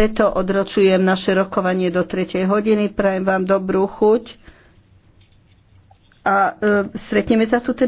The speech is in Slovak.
Preto odročujem naše rokovanie do 3. hodiny. Prajem vám dobrú chuť a e, stretneme sa tu teda.